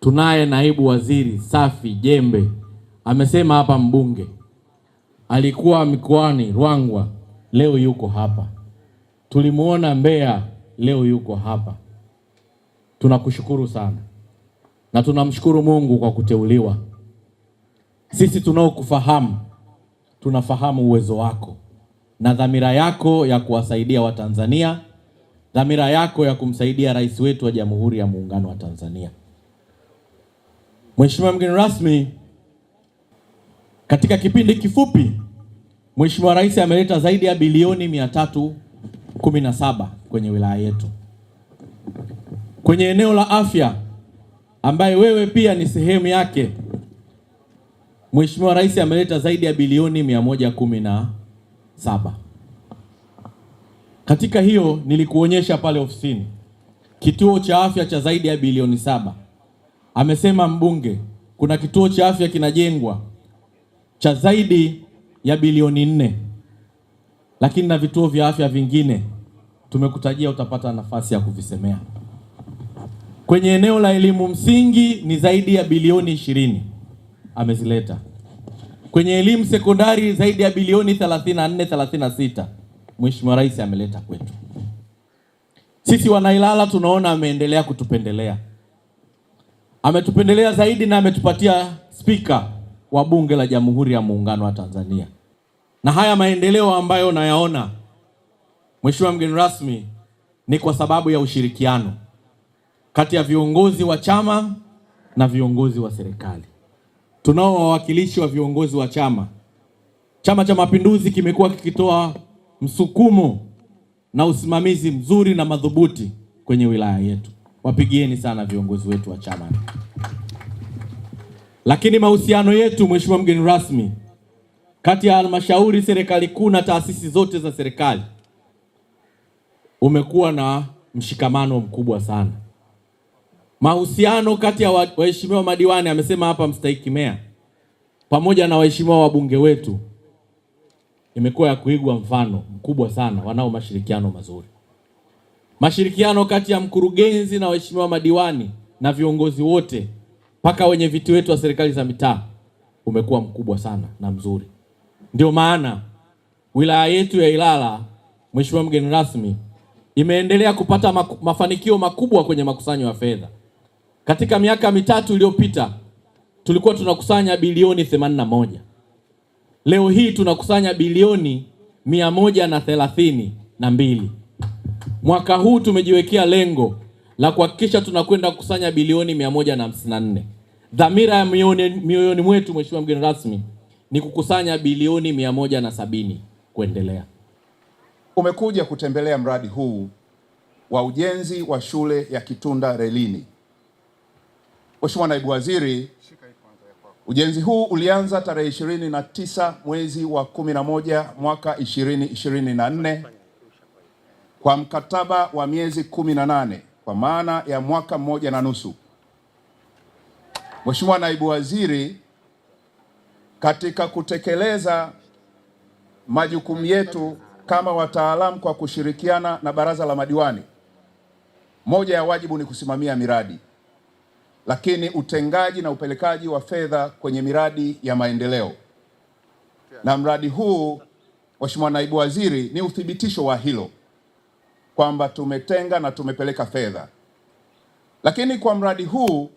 Tunaye naibu waziri safi jembe, amesema hapa mbunge alikuwa mikoani Rwangwa, leo yuko hapa. Tulimuona Mbeya, leo yuko hapa. Tunakushukuru sana na tunamshukuru Mungu kwa kuteuliwa. Sisi tunaokufahamu tunafahamu uwezo wako na dhamira yako ya kuwasaidia Watanzania, dhamira yako ya kumsaidia rais wetu wa Jamhuri ya Muungano wa Tanzania. Mheshimiwa mgeni rasmi, katika kipindi kifupi Mheshimiwa Rais ameleta zaidi ya bilioni 317 kwenye wilaya yetu kwenye eneo la afya, ambaye wewe pia ni sehemu yake. Mheshimiwa Rais ameleta zaidi ya bilioni 117. Katika hiyo nilikuonyesha pale ofisini kituo cha afya cha zaidi ya bilioni saba amesema mbunge, kuna kituo cha afya kinajengwa cha zaidi ya bilioni nne, lakini na vituo vya afya vingine tumekutajia, utapata nafasi ya kuvisemea. Kwenye eneo la elimu msingi ni zaidi ya bilioni ishirini amezileta kwenye elimu sekondari zaidi ya bilioni 34 36, Mheshimiwa Rais ameleta kwetu. Sisi Wanailala tunaona ameendelea kutupendelea ametupendelea zaidi na ametupatia spika wa bunge la Jamhuri ya Muungano wa Tanzania. Na haya maendeleo ambayo nayaona, Mheshimiwa mgeni rasmi, ni kwa sababu ya ushirikiano kati ya viongozi wa chama na viongozi wa serikali. Tunao wawakilishi wa viongozi wa chama. Chama cha Mapinduzi kimekuwa kikitoa msukumo na usimamizi mzuri na madhubuti kwenye wilaya yetu wapigieni sana viongozi wetu wa chama. Lakini mahusiano yetu, mheshimiwa mgeni rasmi, kati ya halmashauri, serikali kuu na taasisi zote za serikali umekuwa na mshikamano mkubwa sana. Mahusiano kati ya waheshimiwa madiwani, amesema hapa mstahiki meya, pamoja na waheshimiwa wabunge wetu imekuwa ya kuigwa mfano mkubwa sana, wanao mashirikiano mazuri mashirikiano kati ya mkurugenzi na waheshimiwa madiwani na viongozi wote mpaka wenye viti wetu wa serikali za mitaa umekuwa mkubwa sana na mzuri. Ndio maana wilaya yetu ya Ilala, Mheshimiwa mgeni rasmi, imeendelea kupata maku, mafanikio makubwa kwenye makusanyo ya fedha. Katika miaka mitatu iliyopita tulikuwa tunakusanya bilioni 81. Leo hii tunakusanya bilioni mia moja na thelathini na mbili. Mwaka huu tumejiwekea lengo la kuhakikisha tunakwenda kukusanya bilioni 154. Dhamira ya mioyoni mwetu, Mheshimiwa mgeni rasmi, ni kukusanya bilioni 170 kuendelea. Umekuja kutembelea mradi huu wa ujenzi wa shule ya Kitunda Relini. Mheshimiwa Naibu Waziri, ujenzi huu ulianza tarehe 29 mwezi wa 11 mwaka 2024 kwa mkataba wa miezi kumi na nane kwa maana ya mwaka mmoja na nusu. Mheshimiwa Naibu Waziri, katika kutekeleza majukumu yetu kama wataalamu kwa kushirikiana na Baraza la Madiwani, moja ya wajibu ni kusimamia miradi, lakini utengaji na upelekaji wa fedha kwenye miradi ya maendeleo. Na mradi huu Mheshimiwa Naibu Waziri ni uthibitisho wa hilo kwamba tumetenga na tumepeleka fedha, lakini kwa mradi huu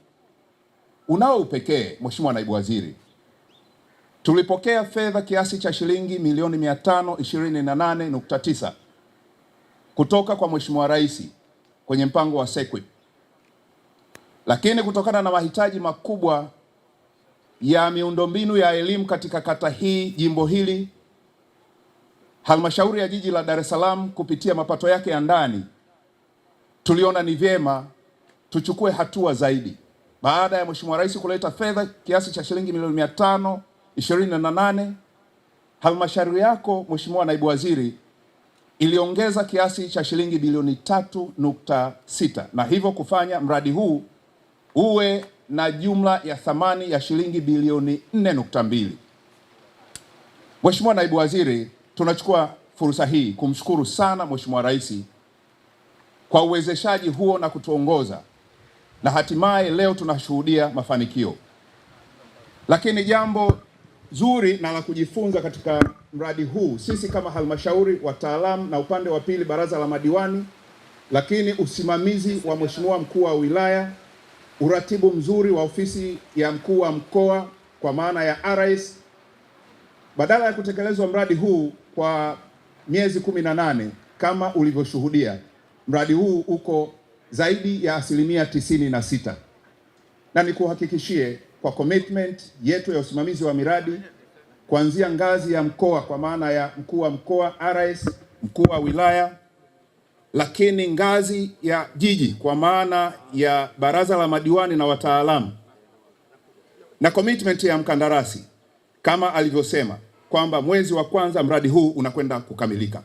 unao upekee. Mheshimiwa Naibu Waziri, tulipokea fedha kiasi cha shilingi milioni 528.9 kutoka kwa Mheshimiwa Rais kwenye mpango wa SEQUIP, lakini kutokana na mahitaji makubwa ya miundombinu ya elimu katika kata hii, jimbo hili Halmashauri ya Jiji la Dar es Salaam kupitia mapato yake ya ndani tuliona ni vyema tuchukue hatua zaidi baada ya Mheshimiwa Rais kuleta fedha kiasi cha shilingi milioni mia tano ishirini na nane halmashauri yako Mheshimiwa Naibu Waziri iliongeza kiasi cha shilingi bilioni tatu nukta sita na hivyo kufanya mradi huu uwe na jumla ya thamani ya shilingi bilioni nne nukta mbili. Mheshimiwa Naibu Waziri tunachukua fursa hii kumshukuru sana Mheshimiwa Rais kwa uwezeshaji huo na kutuongoza na hatimaye leo tunashuhudia mafanikio. Lakini jambo zuri na la kujifunza katika mradi huu, sisi kama halmashauri, wataalamu na upande wa pili baraza la madiwani, lakini usimamizi wa Mheshimiwa mkuu wa wilaya, uratibu mzuri wa ofisi ya mkuu wa mkoa kwa maana ya RS badala ya kutekelezwa mradi huu kwa miezi kumi na nane kama ulivyoshuhudia, mradi huu uko zaidi ya asilimia tisini na sita na nikuhakikishie kwa commitment yetu ya usimamizi wa miradi kuanzia ngazi ya mkoa kwa maana ya mkuu wa mkoa RS, mkuu wa wilaya, lakini ngazi ya jiji kwa maana ya baraza la madiwani na wataalamu na commitment ya mkandarasi kama alivyosema kwamba mwezi wa kwanza mradi huu unakwenda kukamilika.